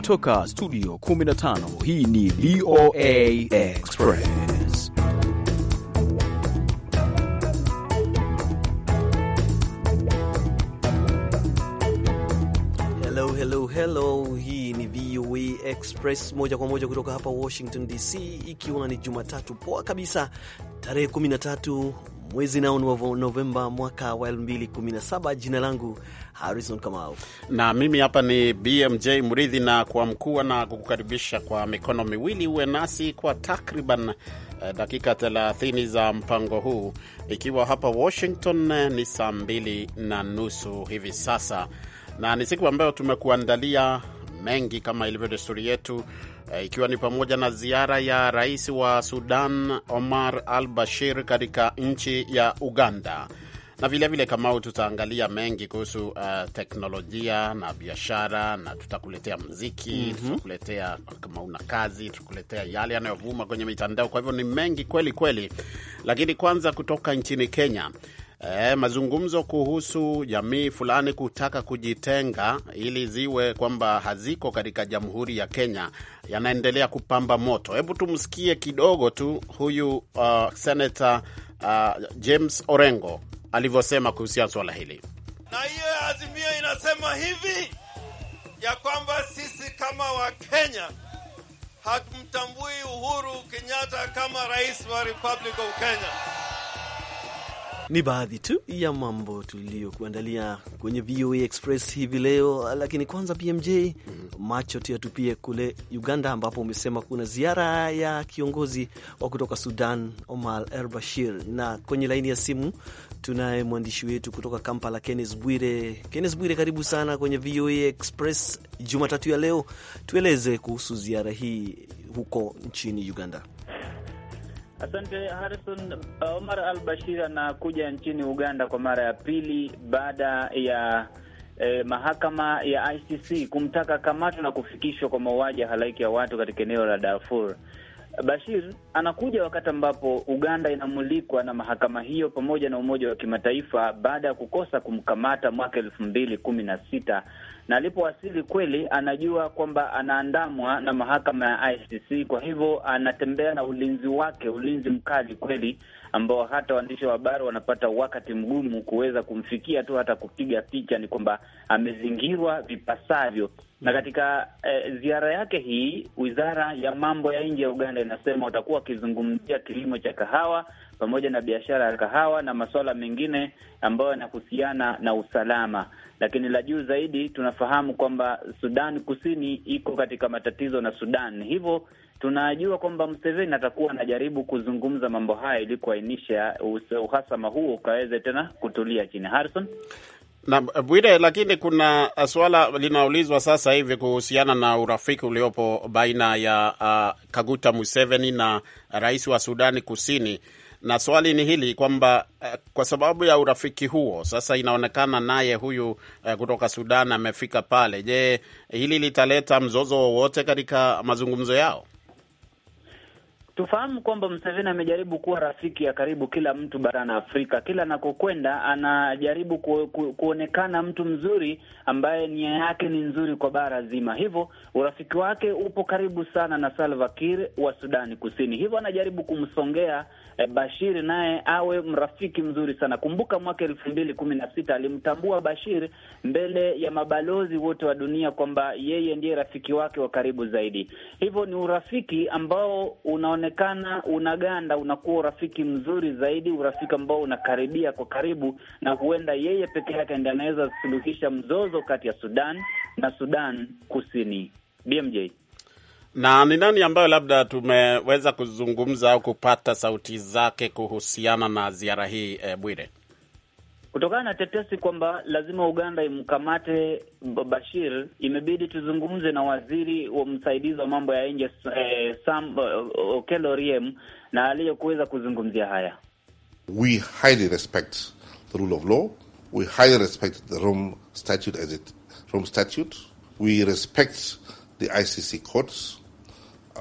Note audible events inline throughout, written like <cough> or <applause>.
kutoka studio 15 hii ni VOA Express. Hello, hello, hello. Hii ni VOA Express moja kwa moja kutoka hapa Washington DC, ikiwa ni Jumatatu poa kabisa tarehe 13 mwezi nao ni Novemba mwaka wa 2017. Jina langu Harrison Kamau na mimi hapa ni BMJ Mridhi, na kwa mkuu na kukukaribisha kwa mikono miwili uwe nasi kwa takriban eh, dakika 30 za mpango huu, ikiwa hapa Washington eh, ni saa mbili na nusu hivi sasa, na ni siku ambayo tumekuandalia mengi kama ilivyo desturi yetu Eh, ikiwa ni pamoja na ziara ya rais wa Sudan Omar al Bashir katika nchi ya Uganda na vilevile Kamau, tutaangalia mengi kuhusu uh, teknolojia na biashara, na tutakuletea mziki mm -hmm. Tutakuletea kama una kazi, tutakuletea yale yanayovuma kwenye mitandao. Kwa hivyo ni mengi kweli kweli, lakini kwanza kutoka nchini Kenya e, mazungumzo kuhusu jamii fulani kutaka kujitenga ili ziwe kwamba haziko katika Jamhuri ya Kenya yanaendelea kupamba moto. Hebu tumsikie kidogo tu huyu uh, Senata uh, James Orengo alivyosema kuhusiana swala hili. Na hiyo azimio inasema hivi ya kwamba sisi kama Wakenya hatumtambui Uhuru Kenyatta kama rais wa Republic of Kenya. Ni baadhi tu ya mambo tuliyokuandalia kwenye VOA Express hivi leo, lakini kwanza BMJ mm mm-hmm. macho tuyatupie kule Uganda, ambapo umesema kuna ziara ya kiongozi wa kutoka Sudan Omar el Bashir, na kwenye laini ya simu tunaye mwandishi wetu kutoka Kampala kennes Bwire. Kennes Bwire, karibu sana kwenye VOA Express Jumatatu ya leo, tueleze kuhusu ziara hii huko nchini Uganda. Asante Harrison. Uh, Omar Al Bashir anakuja nchini Uganda kwa mara ya pili baada ya eh, mahakama ya ICC kumtaka kamatwa na kufikishwa kwa mauaji ya halaiki ya watu katika eneo la Darfur. Bashir anakuja wakati ambapo Uganda inamulikwa na mahakama hiyo pamoja na Umoja wa Kimataifa baada ya kukosa kumkamata mwaka elfu mbili kumi na sita na alipowasili kweli, anajua kwamba anaandamwa na mahakama ya ICC. Kwa hivyo anatembea na ulinzi wake, ulinzi mkali kweli, ambao hata waandishi wa habari wanapata wakati mgumu kuweza kumfikia tu hata kupiga picha, ni kwamba amezingirwa vipasavyo. Na mm. katika eh, ziara yake hii, wizara ya mambo ya nje ya Uganda inasema watakuwa wakizungumzia kilimo cha kahawa pamoja na biashara ya kahawa na masuala mengine ambayo yanahusiana na usalama. Lakini la juu zaidi, tunafahamu kwamba Sudan Kusini iko katika matatizo na Sudan, hivyo tunajua kwamba Mseveni atakuwa anajaribu kuzungumza mambo haya ili kuainisha uhasama huo ukaweze tena kutulia chini. Harrison na Bwire, lakini kuna suala linaulizwa sasa hivi kuhusiana na urafiki uliopo baina ya uh, Kaguta Museveni na rais wa Sudani Kusini, na swali ni hili kwamba uh, kwa sababu ya urafiki huo sasa inaonekana naye huyu uh, kutoka Sudan amefika pale. Je, hili litaleta mzozo wowote katika mazungumzo yao? Tufahamu kwamba Museveni amejaribu kuwa rafiki ya karibu kila mtu barani Afrika. Kila anakokwenda anajaribu ku, ku, kuonekana mtu mzuri ambaye nia yake ni nzuri kwa bara zima. Hivyo urafiki wake upo karibu sana na Salva Kiir wa Sudani Kusini, hivyo anajaribu kumsongea eh, Bashir naye awe mrafiki mzuri sana. Kumbuka mwaka elfu mbili kumi na sita alimtambua Bashir mbele ya mabalozi wote wa dunia kwamba yeye ndiye rafiki wake wa karibu zaidi. Hivyo ni urafiki ambao unaone unaonekana unaganda, unakuwa urafiki mzuri zaidi, urafiki ambao unakaribia kwa karibu, na huenda yeye peke yake ndiye anaweza suluhisha mzozo kati ya Sudan na Sudan Kusini. BMJ na ni nani ambayo labda tumeweza kuzungumza au kupata sauti zake kuhusiana na ziara hii eh, Bwire? Kutokana na tetesi kwamba lazima Uganda imkamate Bashir, imebidi tuzungumze na waziri wa msaidizi wa mambo ya nje eh, Sam uh, Okello na aliyekuweza kuzungumzia haya. We highly respect the rule of law. We highly respect the Rome Statute as it Rome Statute. We respect the ICC courts.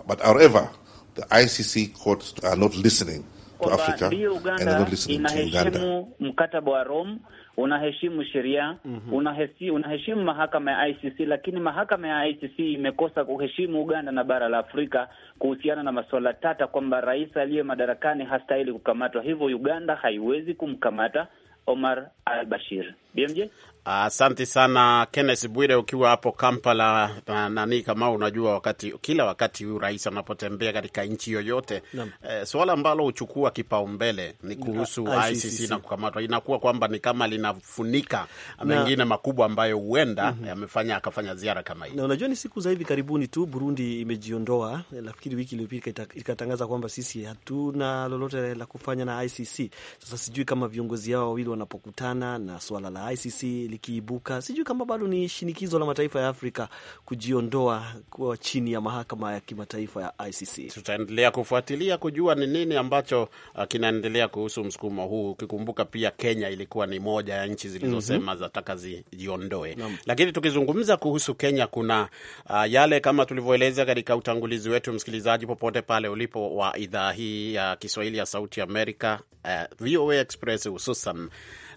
But however, the ICC courts are not listening to ndiyo Uganda inaheshimu mkataba wa Rome, unaheshimu sheria mm -hmm. unaheshimu, unaheshimu mahakama ya ICC, lakini mahakama ya ICC imekosa kuheshimu Uganda na bara la Afrika kuhusiana na masuala tata kwamba rais aliye madarakani hastahili kukamatwa. Hivyo Uganda haiwezi kumkamata Omar al-Bashir. BMJ. Asante uh, sana Kenneth Bwire, ukiwa hapo Kampala na nani, kama unajua, wakati kila wakati huyu rais anapotembea katika nchi yoyote eh, suala ambalo huchukua kipaumbele ni kuhusu ICC, ICC na kukamatwa, inakuwa kwamba ni kama linafunika mengine makubwa ambayo huenda mm -hmm. amefanya akafanya ziara kama hii, na unajua ni siku za hivi karibuni tu Burundi imejiondoa, eh, nafikiri wiki iliyopita ikatangaza kwamba sisi hatuna lolote la kufanya na ICC. Sasa sijui kama viongozi hao wawili wanapokutana na swala la na ICC likiibuka, sijui kama bado ni shinikizo la mataifa ya Afrika kujiondoa kuwa chini ya mahakama ya kimataifa ya ICC. Tutaendelea kufuatilia kujua ni nini ambacho uh, kinaendelea kuhusu msukumo huu, ukikumbuka pia Kenya ilikuwa ni moja ya nchi zilizosema mm -hmm. zataka zijiondoe Lakini tukizungumza kuhusu Kenya kuna uh, yale kama tulivyoeleza katika utangulizi wetu, msikilizaji, popote pale ulipo wa idhaa hii ya uh, Kiswahili ya Sauti Amerika, uh, VOA Express hususan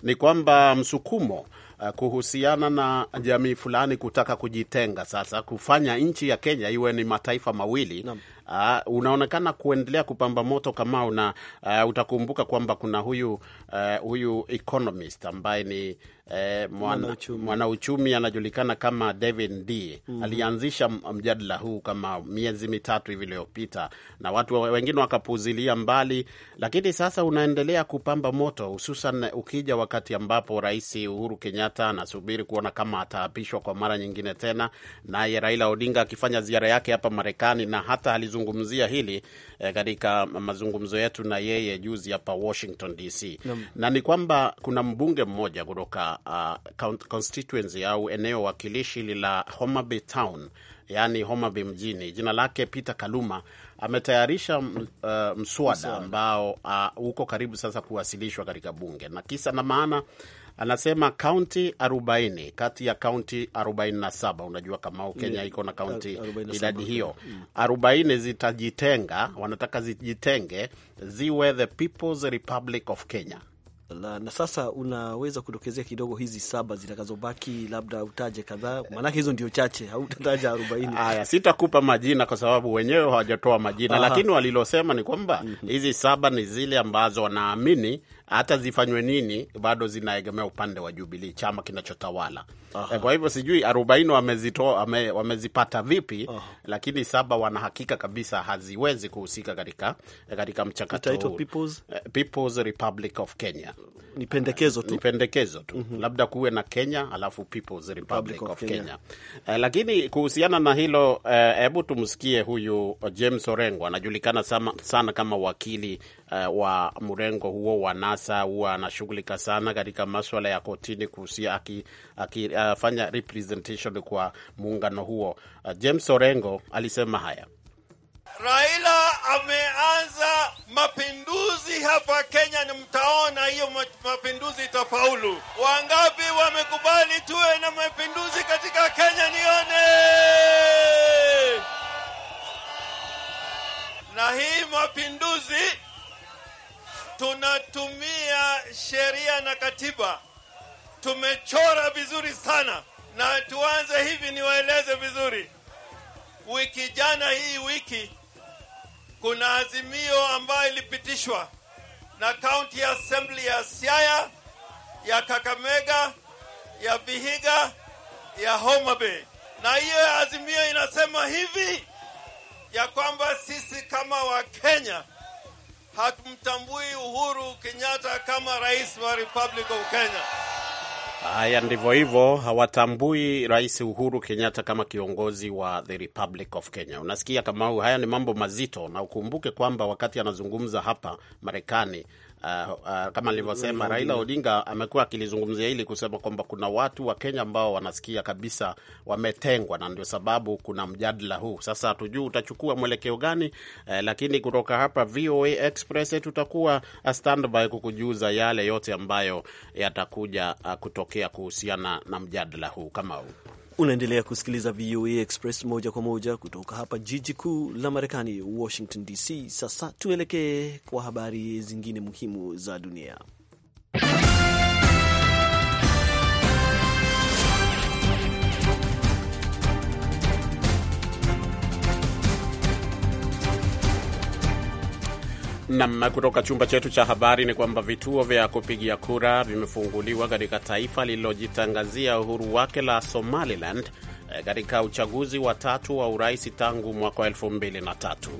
ni kwamba msukumo uh, kuhusiana na jamii fulani kutaka kujitenga, sasa kufanya nchi ya Kenya iwe ni mataifa mawili uh, unaonekana kuendelea kupamba moto kama una uh, ah, utakumbuka kwamba kuna huyu uh, huyu economist ambaye ni eh, mwanauchumi mwana anajulikana kama David D mm -hmm. Alianzisha mjadala huu kama miezi mitatu hivi iliyopita, na watu wengine wakapuzilia mbali, lakini sasa unaendelea kupamba moto, hususan ukija wakati ambapo Rais Uhuru Kenyatta anasubiri kuona kama ataapishwa kwa mara nyingine tena, naye Raila Odinga akifanya ziara yake hapa Marekani na hata tulizungumzia hili eh, katika mazungumzo yetu na yeye juzi hapa Washington DC mm. na ni kwamba kuna mbunge mmoja kutoka uh, constituency au eneo wakilishi hili la Homabay Town yaani Homabay mjini, jina lake Peter Kaluma ametayarisha uh, mswada ambao uh, uko karibu sasa kuwasilishwa katika bunge, na kisa na maana Anasema kaunti 40 kati ya kaunti 47. Unajua kama mm. Kenya iko na kaunti idadi hiyo 40 mm. zitajitenga, wanataka zijitenge ziwe the People's Republic of Kenya. La, na sasa unaweza kudokezea kidogo hizi saba zitakazobaki, labda utaje kadhaa, maanake hizo ndio chache, hautataja arobaini. <laughs> Haya, sitakupa majina kwa sababu wenyewe hawajatoa majina, lakini walilosema ni kwamba mm -hmm. hizi saba ni zile ambazo wanaamini hata zifanywe nini, bado zinaegemea upande wa Jubilii, chama kinachotawala. Aha. Kwa hivyo sijui arobaini wame, wamezipata vipi? Aha. Lakini saba wanahakika kabisa haziwezi kuhusika katika katika mchakato huu. People's, eh, People's Republic of Kenya ni pendekezo tu, ni pendekezo tu. Mm -hmm. Labda kuwe na Kenya alafu People's Republic, Republic of Kenya, Kenya. Eh, lakini kuhusiana na hilo, eh, hebu tumsikie huyu uh, James Orengo, anajulikana sana, sana kama wakili uh, wa mrengo huo wa NASA sasa huwa anashughulika sana katika maswala ya kotini kuhusia akifanya aki, uh, representation kwa muungano huo. Uh, James Orengo alisema haya. Raila ameanza mapinduzi hapa Kenya, ni mtaona hiyo mapinduzi itafaulu. Wangapi wamekubali tuwe na mapinduzi katika Kenya? Nione na hii mapinduzi tunatumia sheria na katiba, tumechora vizuri sana, na tuanze hivi, niwaeleze vizuri. Wiki jana, hii wiki, kuna azimio ambayo ilipitishwa na County Assembly ya Siaya, ya Kakamega, ya Vihiga, ya Homa Bay, na hiyo azimio inasema hivi ya kwamba sisi kama Wakenya hatumtambui Uhuru Kenyatta kama rais wa Republic of Kenya. Haya, ndivyo hivyo, hawatambui Rais Uhuru Kenyatta kama kiongozi wa the Republic of Kenya. Unasikia kama haya ni mambo mazito, na ukumbuke kwamba wakati anazungumza hapa Marekani Uh, uh, kama nilivyosema Raila Odinga amekuwa akilizungumzia hili kusema kwamba kuna watu wa Kenya ambao wanasikia kabisa wametengwa, na ndio sababu kuna mjadala huu sasa. Hatujui utachukua mwelekeo gani uh, lakini kutoka hapa VOA Express eh, tutakuwa uh, standby kukujuza yale yote ambayo yatakuja uh, kutokea kuhusiana na mjadala huu kama huu. Unaendelea kusikiliza VOA Express moja kwa moja kutoka hapa jiji kuu la Marekani, Washington DC. Sasa tuelekee kwa habari zingine muhimu za dunia. Nam, kutoka chumba chetu cha habari ni kwamba vituo vya kupigia kura vimefunguliwa katika taifa lililojitangazia uhuru wake la Somaliland eh, katika uchaguzi wa tatu wa urais tangu mwaka wa elfu mbili na tatu.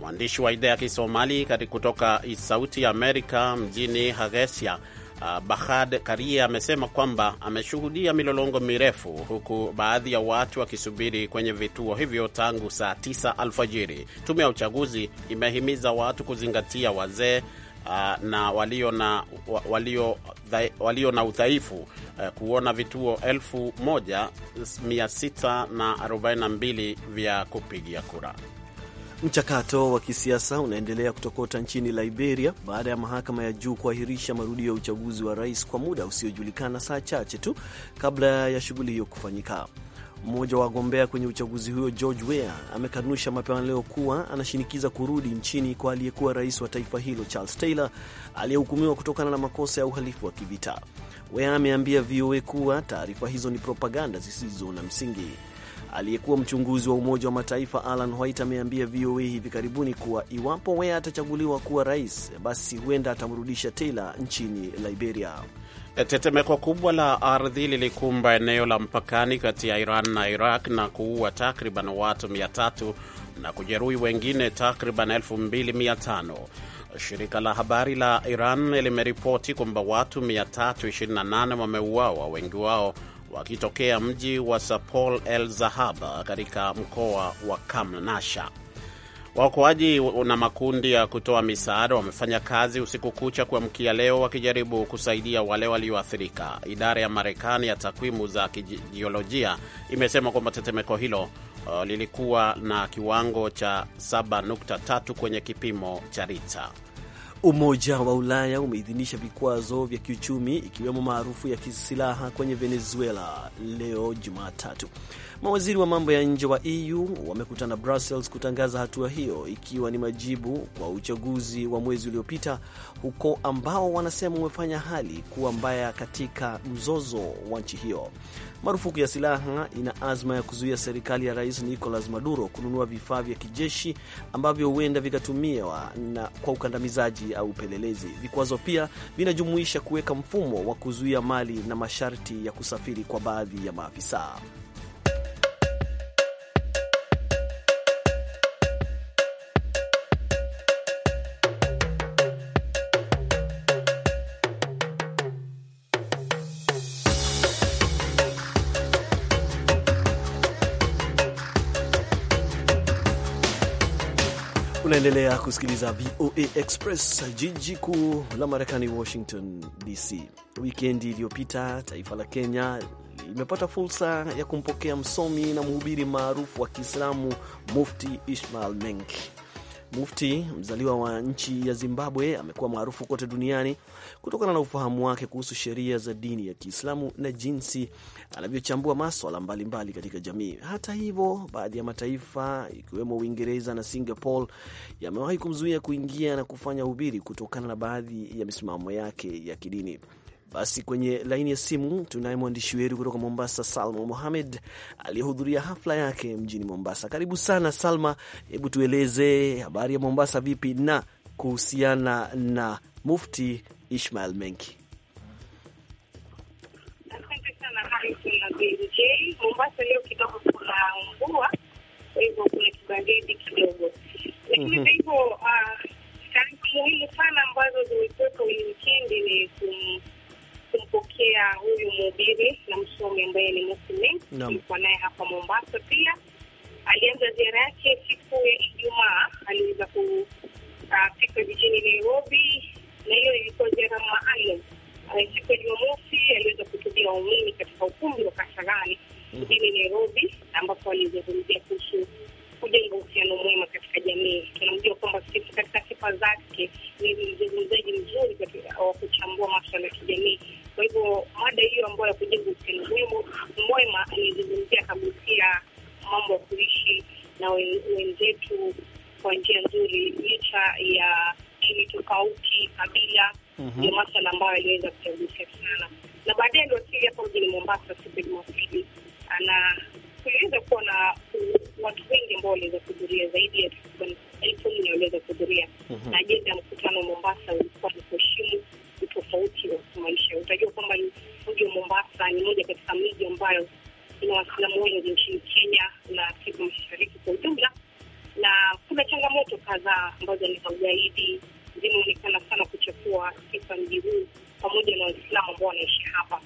Mwandishi wa idhaa ya Kisomali kutoka Sauti ya Amerika mjini Hagesia Ah, Bahad Karia amesema kwamba ameshuhudia milolongo mirefu huku baadhi ya watu wakisubiri kwenye vituo hivyo tangu saa tisa alfajiri. Tume ya uchaguzi imehimiza watu kuzingatia wazee uh, na walio na walio, dhai, walio na udhaifu uh, kuona vituo 1642 vya kupigia kura. Mchakato wa kisiasa unaendelea kutokota nchini Liberia baada ya mahakama ya juu kuahirisha marudio ya uchaguzi wa rais kwa muda usiojulikana, saa chache tu kabla ya shughuli hiyo kufanyika. Mmoja wa wagombea kwenye uchaguzi huyo George Weah amekanusha mapema leo kuwa anashinikiza kurudi nchini kwa aliyekuwa rais wa taifa hilo Charles Taylor aliyehukumiwa kutokana na makosa ya uhalifu wa kivita. Weah ameambia VOA kuwa taarifa hizo ni propaganda zisizo na msingi. Aliyekuwa mchunguzi wa Umoja wa Mataifa Alan White ameambia VOA hivi karibuni kuwa iwapo wea atachaguliwa kuwa rais, basi huenda atamrudisha Taylor nchini Liberia. Tetemeko kubwa la ardhi lilikumba eneo la mpakani kati ya Iran na Iraq na kuua takriban watu 300 na kujeruhi wengine takriban 2500. Shirika la habari la Iran limeripoti kwamba watu 328 wameuawa, wengi wao wakitokea mji wa Sapol El Zahaba katika mkoa wa Kamnasha. Waokoaji na makundi ya kutoa misaada wamefanya kazi usiku kucha kuamkia leo wakijaribu kusaidia wale walioathirika. Idara ya Marekani ya takwimu za kijiolojia imesema kwamba tetemeko hilo uh, lilikuwa na kiwango cha 7.3 kwenye kipimo cha Rita. Umoja wa Ulaya umeidhinisha vikwazo vya kiuchumi ikiwemo maarufu ya kisilaha kwenye Venezuela leo Jumatatu. Mawaziri wa mambo ya nje wa EU wamekutana Brussels kutangaza hatua hiyo ikiwa ni majibu kwa uchaguzi wa mwezi uliopita huko, ambao wanasema umefanya hali kuwa mbaya katika mzozo wa nchi hiyo. Marufuku ya silaha ina azma ya kuzuia serikali ya Rais Nicolas Maduro kununua vifaa vya kijeshi ambavyo huenda vikatumiwa na kwa ukandamizaji au upelelezi. Vikwazo pia vinajumuisha kuweka mfumo wa kuzuia mali na masharti ya kusafiri kwa baadhi ya maafisa. Unaendelea kusikiliza VOA Express, jiji kuu la Marekani, Washington DC. Wikendi iliyopita taifa la Kenya limepata fursa ya kumpokea msomi na mhubiri maarufu wa Kiislamu, Mufti Ismail Menki. Mufti mzaliwa wa nchi ya Zimbabwe amekuwa maarufu kote duniani kutokana na ufahamu wake kuhusu sheria za dini ya Kiislamu na jinsi anavyochambua maswala mbalimbali katika jamii. Hata hivyo, baadhi ya mataifa ikiwemo Uingereza na Singapore yamewahi kumzuia kuingia na kufanya ubiri kutokana na baadhi ya misimamo yake ya kidini. Basi kwenye laini ya simu tunaye mwandishi wetu kutoka Mombasa, Salma Mohamed aliyehudhuria hafla yake mjini Mombasa. Karibu sana Salma, hebu tueleze habari ya Mombasa vipi na kuhusiana na Mufti Ismail Menki? Asante sana Mombasa. Leo kidogo kuna mvua, kwa hivyo kuna kibaridi kidogo, lakini mhm. kwa hivyo ah, taarifa muhimu sana ambazo zimetoka wikendi ni tumpokea huyu mhubiri na msomi ambaye ni Muslim, tulikuwa naye hapa Mombasa. Pia alianza ziara yake siku ya Ijumaa, aliweza kufika ah, jijini Nairobi, na hiyo ilikuwa ziara maalum. Ah, siku ya Jumamosi aliweza kutubia waumini katika ukumbi wa Kasarani mhm. jijini Nairobi, ambapo alizungumzia kuhusu kujenga uhusiano mwema katika jamii. Tunamjua kwamba katika sifa zake ni mzungumzaji mzuri wa kuchambua maswala ya kijamii. Kwa hivyo mada hiyo ambayo ya kujenga uhusiano mwema alizungumzia kabusia mambo ya kuishi na wenzetu kwa njia nzuri licha ya ini tofauti, kabila, mhm. ndio maswala ambayo aliweza kuyagusia sana, na baadaye aliwasili hapa mjini Mombasa siku ya Jumapili na tuliweza kuwa na watu wengi ambao waliweza kuhudhuria, zaidi ya takriban elfu nne waliweza kuhudhuria, mhm. na ajenda ya mkutano wa Mombasa ulikuwa ni kuheshimu tofauti wa kimaisha. Utajua kwamba mji wa Mombasa ni moja katika miji ambayo ina Waislamu wengi nchini Kenya na Afrika Mashariki kwa ujumla, na kuna changamoto kadhaa ambazo ni za ugaidi zimeonekana sana kuchafua sifa mji huu pamoja na Waislamu ambao wanaishi hapa.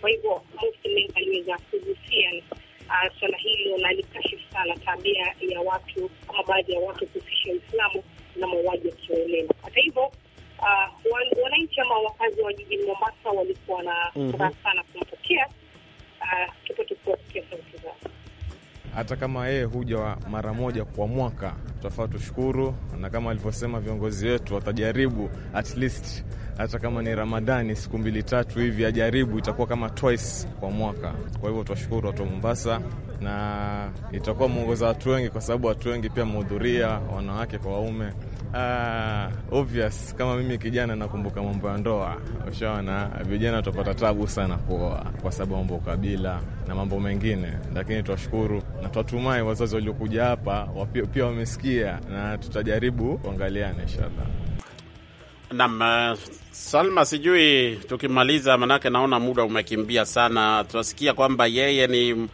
Kwa hivyo Mufti aliweza kugusia uh, swala hilo na alikashifu sana tabia ya watu ama baadhi ya watu kuhusisha Uislamu na mauaji ya kiolela. Hata hivyo uh, wananchi ama wakazi wa jijini Mombasa walikuwa na mhm. furaha sana kumpokea ah, tupotupokea sauti zao hata kama yeye huja mara moja kwa mwaka, tutafaa tushukuru, na kama alivyosema viongozi wetu watajaribu at least hata kama ni Ramadhani siku mbili tatu hivi ajaribu, itakuwa kama twice kwa mwaka. Kwa hivyo twashukuru watu wa Mombasa na itakuwa mwongoza watu wengi, kwa sababu watu wengi pia mehudhuria, wanawake kwa waume. Uh, obvious kama mimi kijana nakumbuka mambo ya ndoa, ushaona vijana tutapata tabu sana kuoa kwa sababu mambo kabila na mambo mengine, lakini twashukuru na twatumai wazazi waliokuja hapa pia wamesikia, na tutajaribu kuangaliana inshallah nam eh, Salma, sijui tukimaliza, manake naona muda umekimbia sana. Tunasikia kwamba yeye ni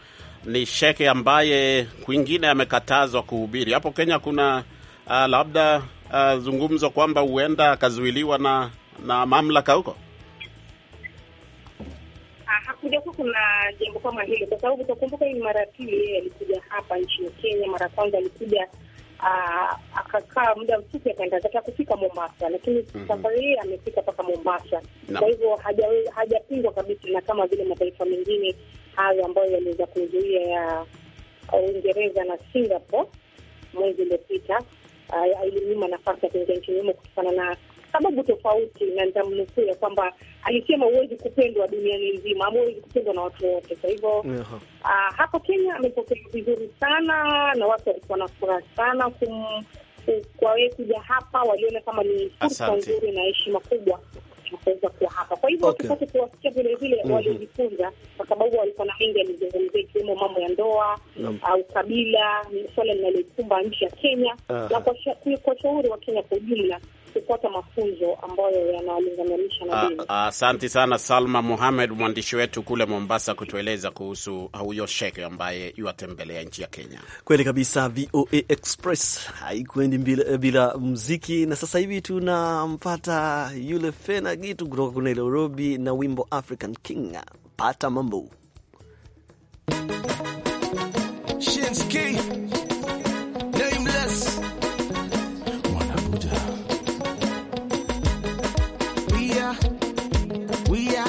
ni shekhe ambaye kwingine amekatazwa kuhubiri hapo Kenya. Kuna uh, labda uh, zungumzo kwamba huenda akazuiliwa na na mamlaka huko. Ah, Hakujakuwa kuna jambo kama hilo, kwa sababu utakumbuka hii mara pili yeye alikuja hapa nchini Kenya. Mara kwanza alikuja Ah, akakaa muda mfupi, akaenda zake kufika Mombasa, lakini mhm. safari hii amefika mpaka Mombasa. Kwa hivyo hajapingwa kabisa, na kama vile mataifa mengine hayo ambayo yaliweza kuzuia ya Uingereza na Singapore mwezi uliopita, ah, ilinyima nafasi ya kuingia nchini humo kutokana na sababu tofauti, na ya kwamba alisema huwezi kupendwa duniani nzima ama huwezi kupendwa na watu wote. Kwa hivyo ah, hapa Kenya amepokea vizuri sana, na watu walikuwa na furaha sana kum kwa wee kuja hapa, waliona kama ni fursa nzuri na heshima kubwa kuweza kuwa hapa. Kwa hivyo tupate kuwasikia vile vile mhm. waliojifunza, kwa sababu walikuwa na mengi alizungumzia ikiwemo mambo ya ndoa au kabila, ni swala linaloikumba nchi ya Kenya na kwa wa Kenya kwa ujumla kupata mafunzo ambayo yanalinganisha na ah, dini. Ah, Asante sana Salma Mohamed, mwandishi wetu kule Mombasa, kutueleza kuhusu huyo shekhe ambaye yuatembelea nchi ya Kenya. Kweli kabisa, VOA Express haikuendi bila, bila muziki, na sasa hivi tunampata yule Fena Gitu kutoka kuna Nairobi na wimbo African King. Pata mambo Shinsky.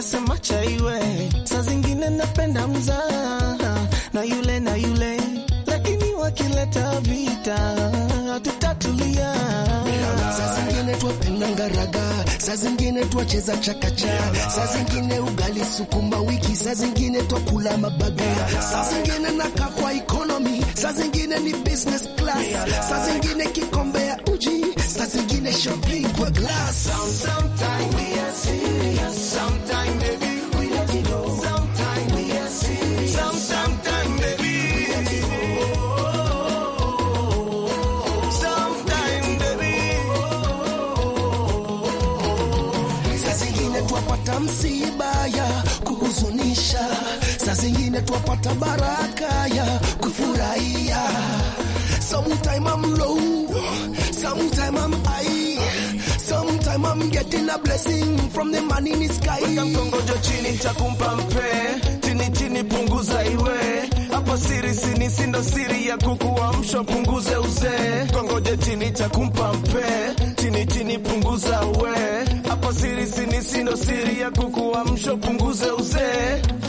nimesema cha iwe, saa zingine napenda mzaa na yule na yule, lakini wakileta vita tutatulia. Saa zingine twapenda ngaraga, saa zingine twacheza chakacha, saa zingine ugali sukuma wiki, saa zingine twakula mabaga, saa zingine naka kwa economy, saa zingine ni business class, saa zingine kikombe ya uji, saa zingine shopping kwa glass msiba ya kuhuzunisha, zingine twapata baraka ya kufurahia. Sometime I'm low, sometime I'm them I'm getting a blessing from the man in the sky. Weka mkongojo chini takumpa mpe chini chini, punguza iwe hapo siri sini sindo siri ya kukuamsha, punguze uzee. Kongoje chini takumpa mpe chini chini, punguza uwe hapo siri sini sindo siri ya kukuamsha, punguze uzee.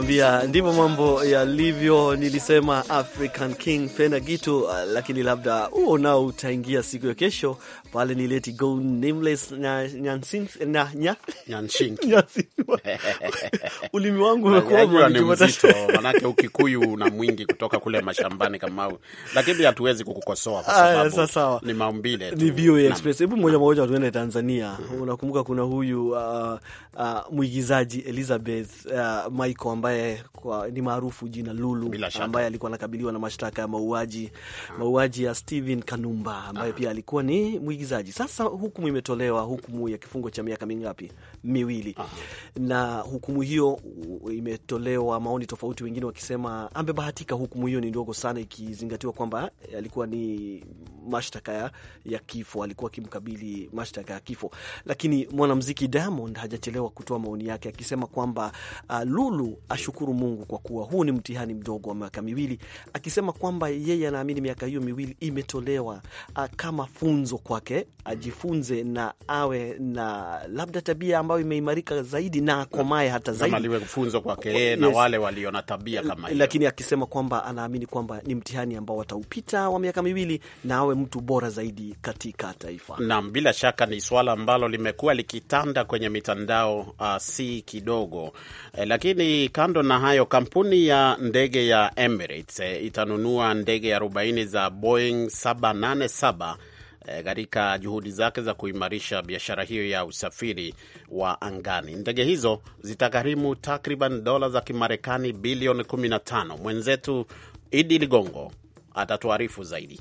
nakwambia, ndivyo mambo yalivyo. Nilisema African King Fena Gitu, uh, lakini labda huo nao utaingia siku ya kesho pale. Ni leti go nameless na nyansin na nya nyansin <laughs> ulimi wangu yaani umekuwa mzito, manake ukikuyu na mwingi kutoka kule mashambani kama, au, lakini hatuwezi kukukosoa kwa sababu sasa ni maumbile tu, ni VOA Express. Hebu moja moja tuende Tanzania. Mhm. Unakumbuka kuna huyu uh, uh, mwigizaji Elizabeth uh, Michael ambaye ambaye kwa, ni maarufu jina Lulu ambaye alikuwa anakabiliwa na mashtaka ya mauaji ah. mauaji ya Steven Kanumba ambaye ah. pia alikuwa ni mwigizaji. Sasa hukumu imetolewa, hukumu ya kifungo cha miaka mingapi? Miwili. Aha. Na hukumu hiyo imetolewa maoni tofauti, wengine wakisema amebahatika, hukumu hiyo ni ndogo sana ikizingatiwa kwamba eh, alikuwa ni mashtaka ya, ya kifo, alikuwa akimkabili mashtaka ya kifo. Lakini mwanamziki Diamond hajachelewa kutoa maoni yake akisema kwamba uh, Lulu ashukuru Mungu kwa kuwa huu ni mtihani mdogo wa miaka miwili, akisema kwamba yeye anaamini miaka hiyo miwili imetolewa a, ah, kama funzo kwake, ajifunze na awe na labda tabia ambayo imeimarika zaidi na akomae hata zaidi, funzo kwake yeye na wale walio na tabia kama hiyo. Lakini akisema kwamba anaamini kwamba ni mtihani ambao wataupita wa miaka miwili na awe mtu bora zaidi katika taifa. Naam, bila shaka ni swala ambalo limekuwa likitanda kwenye mitandao uh, si kidogo eh, lakini Kando na hayo, kampuni ya ndege ya Emirates eh, itanunua ndege 40 za Boeing 787 eh, katika juhudi zake za kuimarisha biashara hiyo ya usafiri wa angani. Ndege hizo zitagharimu takriban dola za Kimarekani bilioni 15. Mwenzetu Idi Ligongo atatuarifu zaidi.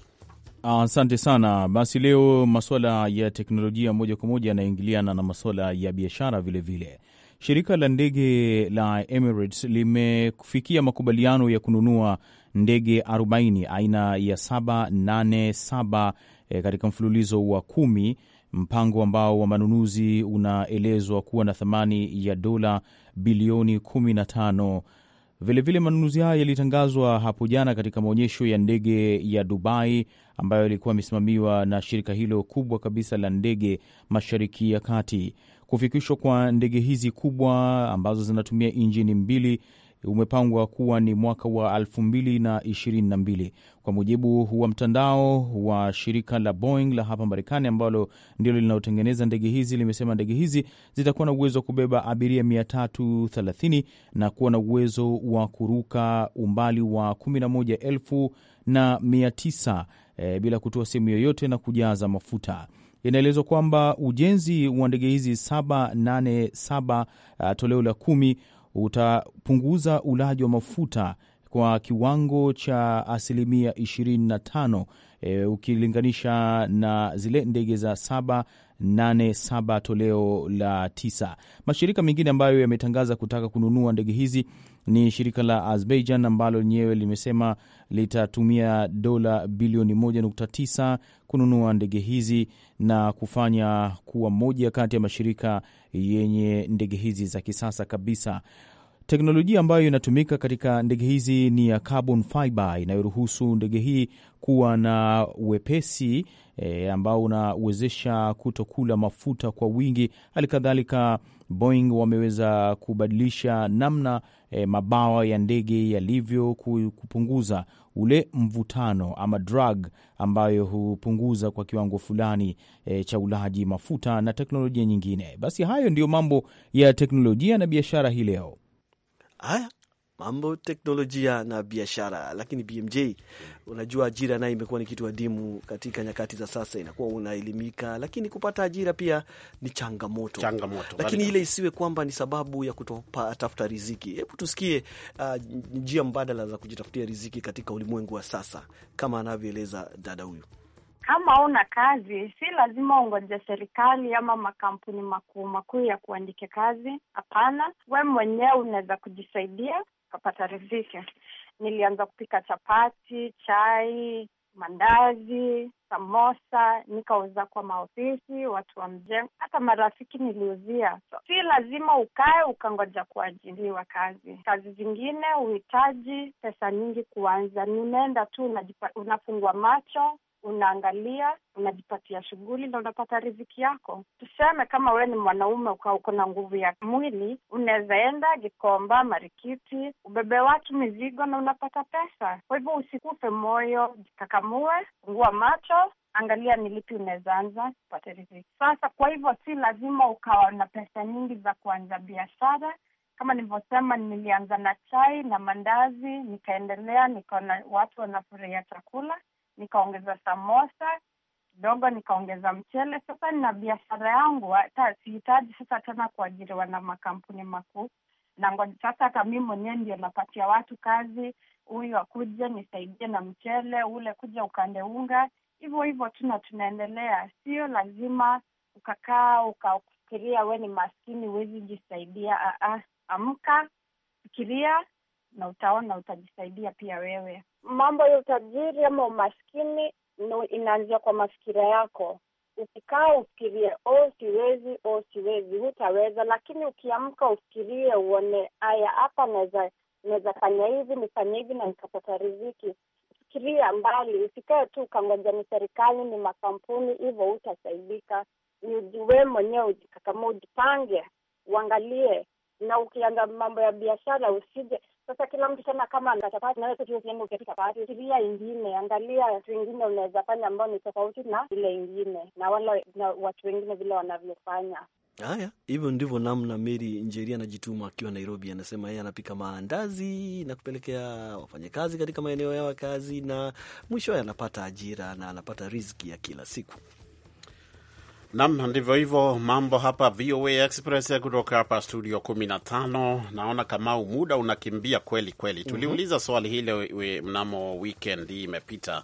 Asante sana. Basi leo masuala ya teknolojia moja kwa moja yanaingiliana na masuala ya biashara vilevile vile. Shirika la ndege la Emirates limefikia makubaliano ya kununua ndege 40 aina ya 787 e, katika mfululizo wa kumi, mpango ambao wa manunuzi unaelezwa kuwa na thamani ya dola bilioni 15. Vilevile, manunuzi haya yalitangazwa hapo jana katika maonyesho ya ndege ya Dubai ambayo ilikuwa imesimamiwa na shirika hilo kubwa kabisa la ndege Mashariki ya Kati kufikishwa kwa ndege hizi kubwa ambazo zinatumia injini mbili umepangwa kuwa ni mwaka wa 2022 kwa mujibu wa mtandao wa shirika la Boeing la hapa Marekani ambalo ndilo linalotengeneza ndege hizi, limesema ndege hizi zitakuwa na uwezo wa kubeba abiria 330 na kuwa na uwezo wa kuruka umbali wa 11,900 e, eh, bila kutoa sehemu yoyote na kujaza mafuta. Inaelezwa kwamba ujenzi wa ndege hizi 787 uh, toleo la kumi utapunguza ulaji wa mafuta kwa kiwango cha asilimia 25 e, ukilinganisha na zile ndege za 787 toleo la t Mashirika mengine ambayo yametangaza kutaka kununua ndege hizi ni shirika la Azerbaijan ambalo lenyewe limesema litatumia dola bilioni 1.9 kununua ndege hizi na kufanya kuwa moja kati ya mashirika yenye ndege hizi za kisasa kabisa. Teknolojia ambayo inatumika katika ndege hizi ni ya carbon fiber inayoruhusu ndege hii kuwa na wepesi e, ambao unawezesha kutokula mafuta kwa wingi. Hali kadhalika Boeing wameweza kubadilisha namna e, mabawa ya ndege yalivyo, kupunguza ule mvutano ama drug ambayo hupunguza kwa kiwango fulani e, cha ulaji mafuta na teknolojia nyingine. Basi hayo ndiyo mambo ya teknolojia na biashara hii leo. Haya, mambo teknolojia na biashara. Lakini BMJ, unajua ajira naye imekuwa ni kitu adimu katika nyakati za sasa, inakuwa unaelimika, lakini kupata ajira pia ni changamoto, changamoto. Lakini ile isiwe kwamba ni sababu ya kutotafuta riziki. Hebu tusikie uh, njia mbadala za kujitafutia riziki katika ulimwengu wa sasa, kama anavyoeleza dada huyu. Kama una kazi, si lazima ungoje serikali ama makampuni makuu makuu ya kuandika kazi. Hapana, we mwenyewe unaweza kujisaidia kapata riziki. Nilianza kupika chapati, chai, mandazi, samosa, nikauza kwa maofisi, watu wa mjengo, hata marafiki niliuzia. So, si lazima ukae ukangoja kuajiliwa kazi. Kazi zingine huhitaji pesa nyingi kuanza. Nimeenda tu unajip, unafungwa macho unaangalia, unajipatia shughuli na unapata riziki yako. Tuseme kama wewe ni mwanaume ukawa uko na nguvu ya mwili, unaweza enda Gikomba, Marikiti, ubebe watu mizigo na unapata pesa. Kwa hivyo usikufe moyo, jikakamue, fungua macho, angalia ni lipi unaweza anza upate riziki. Sasa kwa hivyo si lazima ukawa na pesa nyingi za kuanza biashara. Kama nilivyosema, nilianza na chai na mandazi, nikaendelea, nikaona watu wanafurahia chakula nikaongeza samosa kidogo, nikaongeza mchele. Sasa nina biashara yangu, hata sihitaji sasa tena kuajiriwa na makampuni makuu na ngoja sasa, hata mi mwenyewe ndio napatia watu kazi, huyu akuje nisaidie na mchele ule, kuja ukande unga, hivyo hivyo tuna tunaendelea. Sio lazima ukakaa ukafikiria we ni maskini, huwezi jisaidia. Ah, ah, amka, fikiria na utaona utajisaidia pia wewe mambo ya utajiri ama umaskini no, inaanzia kwa mafikira yako. Ukikaa ufikirie oh, siwezi oh, siwezi, hutaweza. Lakini ukiamka ufikirie, uone haya, hapa naweza fanya hivi, nifanye hivi na nikapata riziki. Fikiria mbali, usikae tu ukangoja ni serikali, ni makampuni, hivyo hutasaidika. Ni wewe mwenyewe ujikakama, ujipange, uangalie. Na ukianza mambo ya biashara, usije sasa kila mtu tena, kama nawezienda ukifika chapati, fikiria ingine, angalia watu wengine unaweza fanya ambao ni tofauti na ile ingine, na wala na watu wengine vile wanavyofanya. Haya, hivyo ndivyo namna Meri Njeria anajituma akiwa Nairobi. Anasema yeye anapika maandazi na kupelekea wafanyakazi katika maeneo yao ya kazi, na mwishowe anapata ajira na anapata riziki ya kila siku. Nam, ndivyo hivyo mambo hapa VOA Express kutoka hapa studio 15. Naona Kamau, muda unakimbia kweli kweli. Mhm. Tuliuliza mm -hmm. swali hile we, mnamo weekend hii imepita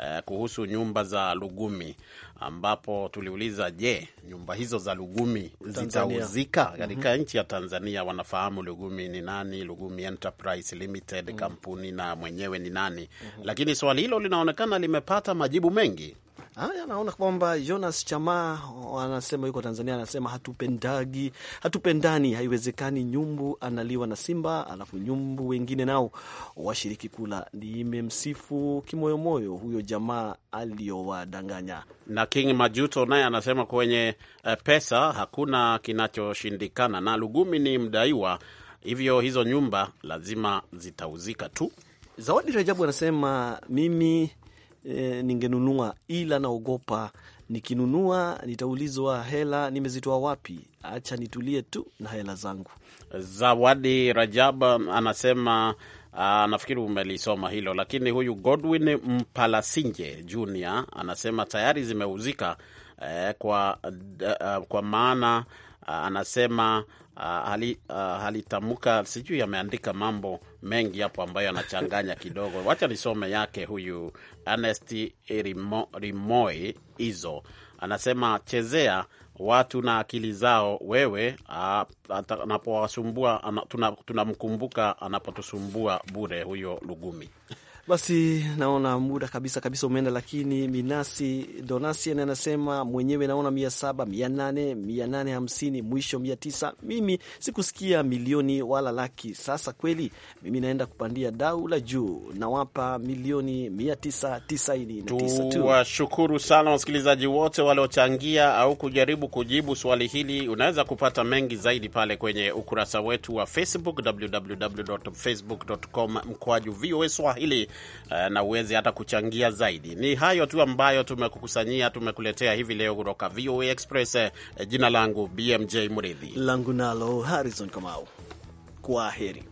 eh, kuhusu nyumba za lugumi ambapo tuliuliza je, nyumba hizo za lugumi zitauzika mhm. katika mm -hmm. nchi ya Tanzania? Wanafahamu lugumi ni nani, Lugumi Enterprise Limited mm -hmm. kampuni na mwenyewe ni nani mm -hmm. lakini swali hilo linaonekana limepata majibu mengi Haya, naona kwamba Jonas Chama oh, anasema yuko Tanzania, anasema hatupendagi, hatupendani, haiwezekani. Nyumbu analiwa na simba, alafu nyumbu wengine nao washiriki kula. Nimemsifu kimoyomoyo huyo jamaa aliyowadanganya. Na King Majuto naye anasema kwenye eh, pesa hakuna kinachoshindikana, na Lugumi ni mdaiwa, hivyo hizo nyumba lazima zitauzika tu. Zawadi Rajabu anasema mimi e, ningenunua ila naogopa nikinunua nitaulizwa hela nimezitoa wapi. Acha nitulie tu na hela zangu. Zawadi Rajab anasema Uh, nafikiri umelisoma hilo lakini, huyu Godwin Mpalasinje Junior anasema tayari zimeuzika eh, kwa, uh, kwa maana uh, anasema uh, halitamka uh, hali sijui ameandika mambo mengi hapo ambayo anachanganya kidogo. Wacha nisome yake huyu Anesti Rimoi hizo anasema chezea watu na akili zao wewe, anapowasumbua tunamkumbuka, anapotusumbua bure huyo Lugumi. <laughs> Basi naona muda kabisa kabisa umeenda, lakini Minasi Donasian anasema mwenyewe, naona mia saba mia nane mia nane hamsini mwisho mia tisa Mimi sikusikia milioni wala laki. Sasa kweli mimi naenda kupandia dau la juu, nawapa milioni mia tisa tisaini na tisa tu. sana wasikilizaji wote waliochangia au kujaribu kujibu swali hili. Unaweza kupata mengi zaidi pale kwenye ukurasa wetu wa Facebook www.facebook.com mkwaju VOA Swahili Eh, na uweze hata kuchangia zaidi. Ni hayo tu ambayo tumekukusanyia, tumekuletea hivi leo kutoka VOA Express. Eh, jina langu BMJ Mridhi, langu nalo Harrison Kamau. Kwa heri.